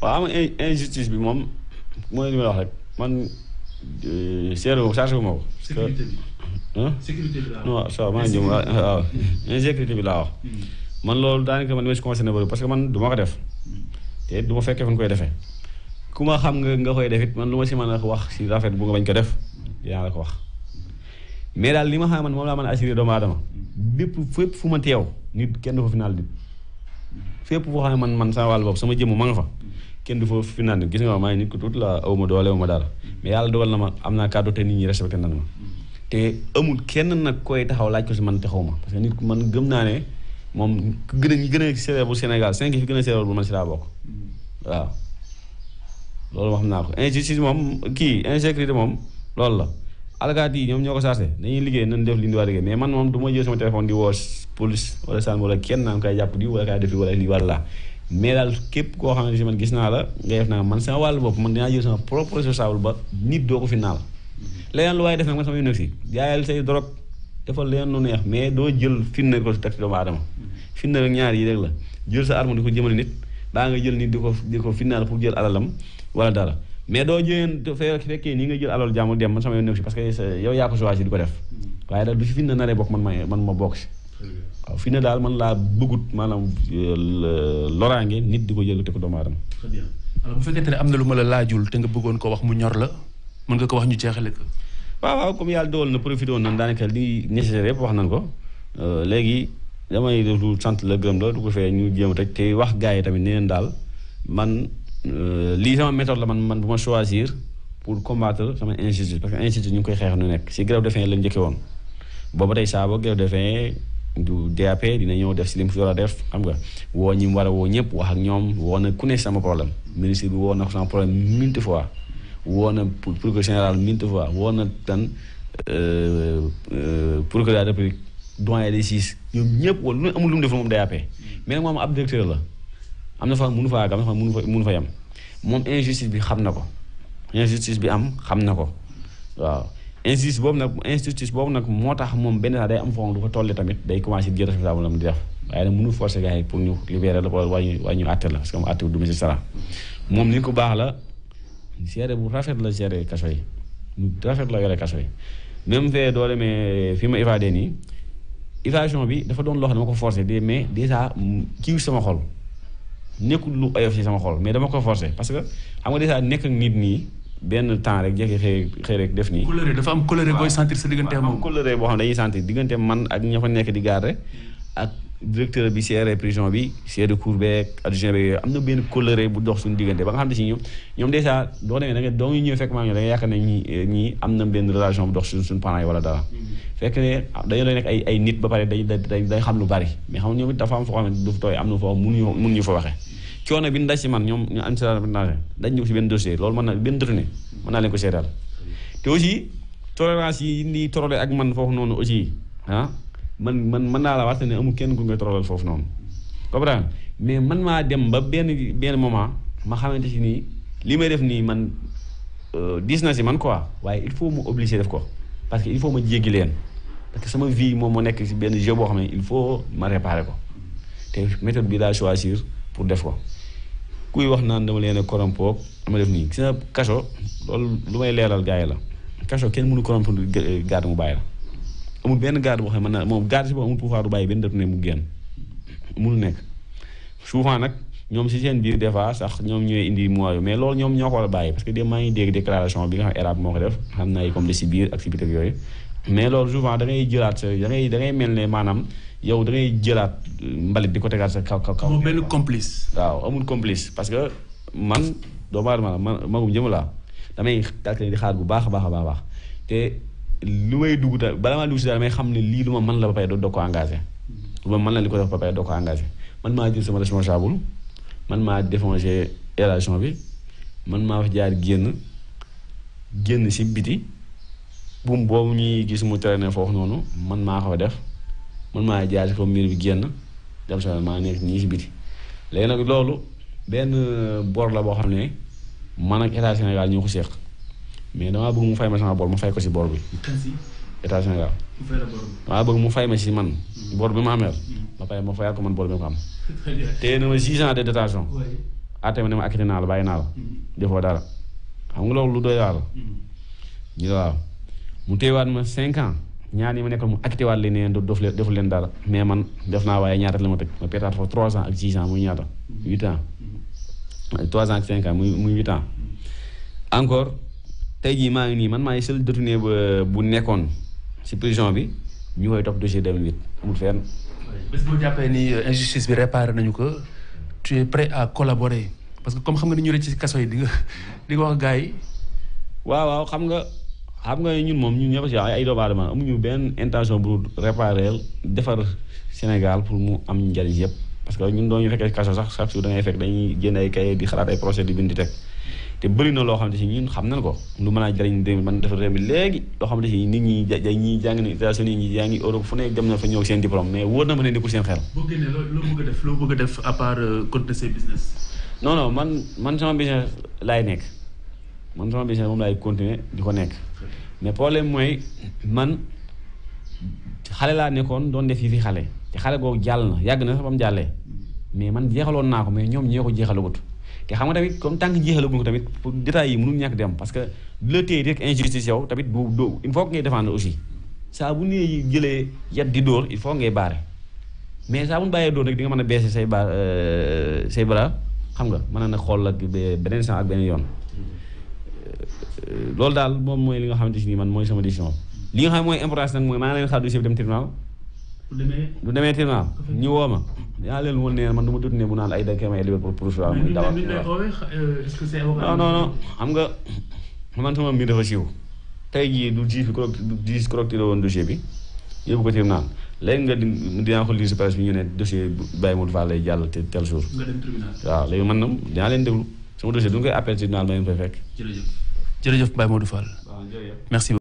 waaw am injustice bi moom mooy li ma wax rek man euh, seere wu chargé wu ma ko. sécurité bi maa ngi jëm bi laa wax. Hmm. man loolu daanaka man li ma si concerné bëri parce que man du ma ko def. Hmm. te du ma fu ñu koy defee. ku ma xam nga nga koy def man lu ma si mën a wax si rafet bu nga bañ ko def dinaa la ko wax. mais daal li ma xam man moom laa mën a assuré doomu aadama. bépp fépp fu ma teew nit kenn du fa final nit. fépp foo xam ne man man sama wàll boobu sama jëmm ma fa. kenn du foofu fi naan gis nga ma maa ngi nit ku tuuti la aw ma doole aw ma dara mais yàlla dogal na ma am naa kàddu te nit ñi respecté nan ma te amul kenn nag koy taxaw laaj ko si man taxaw ma parce que nit ku man gëm naa ne moom ku gën a ñu gën a bu Sénégal cinq yi fi gën a sévère bu man si laa bokk waaw loolu ma xam naa ko injustice moom kii insécurité moom loolu la alkaati yi ñoom ñoo ko saase dañuy liggéey nañ def li a liggéey mais man moom du ma jël sama téléphone di woo police wala sànni wala kenn naan koy jàpp di wala kaay def laa mais daal képp koo xam ne si man gis naa la ngay def naa man sama wàllu bopp man dinaa jël sama propre responsable ba nit def nag man sama yoon si jaayal say defal leneen lu neex mais doo jël fitna ko si teg doomu yi rek la jël sa arme di ko jëmale nit daa nga jël nit di dara mais doo jëleen fekkee nii nga jël alal jàmm def waaye daal du fi fitna naree bokk man ma bokk si waaw na daal man laa bëggut maanaam euh, loraange nit di ko yëngate ko doomu aadama. bu fekkente ne am na lu ma la laajul te nga bëggoon ko wax mu ñor la mën nga ko wax ñu jeexale ko. waaw waaw comme yàlla dogal na profité woon nañ daanaka li nécessaire yëpp wax nañ ko euh, léegi damay déglu sant la gërëm la du ko fee ñu jéem rek te wax gars yi tamit nee neen daal man euh, lii sama méthode la man man bu ma choisir pour combattre sama injustice parce que ñu ngi koy xeex nu nekk si grève de lañ njëkkee woon booba tey saa du dina ñëw def si li mu fi war a def xam nga woo ñi mu war a woo ñëpp wax ak ñoom woo na ku ne sama problème ministre bi woo na sama problème mille fois woo na procureur général mille fois woo na tan euh, euh, procureur de république doyen des six ñoom ñëpp wala lu amul lu mu def moom DAP mais nag moom ab directeur la am na fa munu fa àgg am na fa mënu fa mënu fa yem moom injustice bi xam na ko injustice bi am xam na ko waaw injustice boobu nag injustice boobu nag moo tax moom benn saa day am foofu du fa day commencé di jël responsable la mu di def waaye nag mënu du moom ni ko baax la gérer bu rafet la gérer kaso yi bu rafet la yore kaso yi même fee doo demee ma évadé nii évasion bi dafa doon loo ne dama ko forcer de mais déjà kiiw sama xol nekkul lu oyof ci sama xol mais dama ko forcer parce que xam nga déjà nekk ak nii. benn temps rek jekki xëy rek def nii. coloré dafa am coloré booy sentir sa diggante moom. coloré boo xam ne dañuy sentir diggante man ak nekk di garde ak directeur bi seere prison bi seere cour beeg na benn coloré bu dox suñu diggante ba nga xam ne si ñoom ñoom dèjà doo demee da ñëw fekk maa ngi da nga yaakaar na benn relation bu dox suñ suñu parents yi wala dara. Mm-hmm. fekk ne ay nit ba pare day day day xam lu bari mais xam nga ñoom it dafa am foo xam ne du tooy am na mun ñu mënuñu fa waxee. coono bi ñu si man ñoom ñu am si daal daj ñu ko si benn dossier loolu mën na benn ne mën naa leen ko seetal te aussi tolérance yi nii torolee ak man foofu noonu aussi ah man man mën naa la waxte ne amul kenn ku nga foofu noonu comprendre mais man maa dem ba benn benn moment ma xamante si nii li may def nii man euh, diis na si man quoi waaye il faut mu obligé def ko parce que il faut ma jéggi leen parce que sama vie moom moo nekk si benn jeu boo xam ne il faut ma ko te méthode bi laa pour def ko kuy wax naan dama leen a corrompre dama def nii gis na kaso loolu lu may leeral gars yi la kaso kenn mënu corrompre eh, garde mu bàyyi la amul benn garde boo xam ne na moom garde si boobu amul pouvoir du bàyyi benn détenu mu génn mënu nekk souvent nag ñoom si seen biir des fois sax ñoom ñooy indi moyens mais loolu ñoom ñoo ko war a bàyyi parce que maa ngi dégg déclaration bi nga xam érab moo ko def xam naa comme de si biir activité yooyu mais yow da ngay jëlaat mbalit di ko tegaat sa kaw kaw kaw. moo benn complice. waaw amul complice parce que man doomu aadama man magum jëm laa damay tàkk di xaar bu baax a baax a baax te lu may dugg ta bala maa dugg si daal damay xam ne lii lu ma mën la ba pare doo ko engagé. lu ma mën la li ko def ba pare doo ko engagé man maa jël sama responsable man maa défoncé relation bi man maa wax jaar génn génn si biti buum boobu ñuy gis mu traîner foofu noonu man maa ko def. man maa jaar si miir bi génn dem sama maa nekk nii si biti léegi nag loolu benn bor la boo xam ne man ak état Sénégal ñoo ko seq mais damaa bëgg mu fay ma sama bor ma si bor bi. état Sénégal. damaa bëgg mu fay ma si man. Mm. boor bi ma ameel. Mm. ba pare ma fayal ko man bor bi ma ko am. na ma six ans de détention. atte ma ne ma acquitté naa la bàyyi naa la. Mm. defoo dara xam nga loolu lu doy waaw mu téyewaat ma cinq ans. ñaan yi ma nekkal mu acté waat leen ne dof leen deful mais man def naa waaye ñaata la ma tëj ma pétaat foofu 3 ans ak 6 ans muy ñaata 8 ans 3 mm-hmm. ans ak 5 ans muy muy 8 mm-hmm. encore tey jii maa ngi nii man maay seul détenu ba bu nekkoon si prison bi ñu koy topp dossier 2008 amul fenn. bés boo jàppee ni euh, injustice bi réparé nañu ko tu es prêt à collaborer parce que comme xam nga ni ñu rëcc ci kaso yi di wax gars waaw waaw xam nga. xam nga ñun moom ñun ñëpp si ay doomu aadama amuñu benn intention bu réparer defar Sénégal pour mu am njariñ yëpp parce que ñun doo ñu fekkee kaso sax chaque jour da ngay fekk dañuy génn ay kay di xalaat ay projet di bind di teg te bëri na loo ne si ñun xam nañ ko lu mën a jariñ réew mi man defar réew mi léegi loo xamante si nit ñi ñi jàng na États-Unis ñi jàngi Europe fu ne dem na fa ñëw seen diplôme mais wóor na ma ne nekkul seen xel. boo génnee loo bëgg a def loo bëgg a def à euh, man man sama business laay nekk. man sama business moom laay continuer di ko nekk mais problème mooy man xale laa nekkoon doon def yi fi xale te xale googu jàll na yàgg na sax ba mu jàllee mais man jeexaloon naa ko mais ñoom ñoo ko jeexalagut te xam nga tamit comme tant que jeexalaguñ ko tamit pour détails yi mënul ñàkk dem parce que la téye rek injustice yow tamit du du il faut que ngay défendre aussi saa bu nee jëlee yat di dóor il faut ngay baare mais saa bu ñu bàyyee dóor rek di nga mën a beese say ba euh, say bras xam nga mën na xool ak beneen sang ak beneen yoon. loolu daal moom mooy li nga xamante ne nii man mooy sama décision li nga xam mooy importance nag mooy maa ngi leen xaar dossier bi dem tribunal. du demee tribunal ñu woo ma. yaa leen woon ne ma dut ne bu ay dëkk may élevé pour pour choix muy dawal. Euh, est-ce que dafa siiw. tey jii du jiifi correct du jiis woon dossier bi ko tribunal léegi nga dinaa ko si presse bi ñu ne dossier Baye Modou Fall lay jàll te tel jour. nga dem tribunal waaw léegi man na dinaa leen déglu sama dossier du ñu koy appel tribunal ma leen fay fekk. jërëjëf Baye Modou Fall merci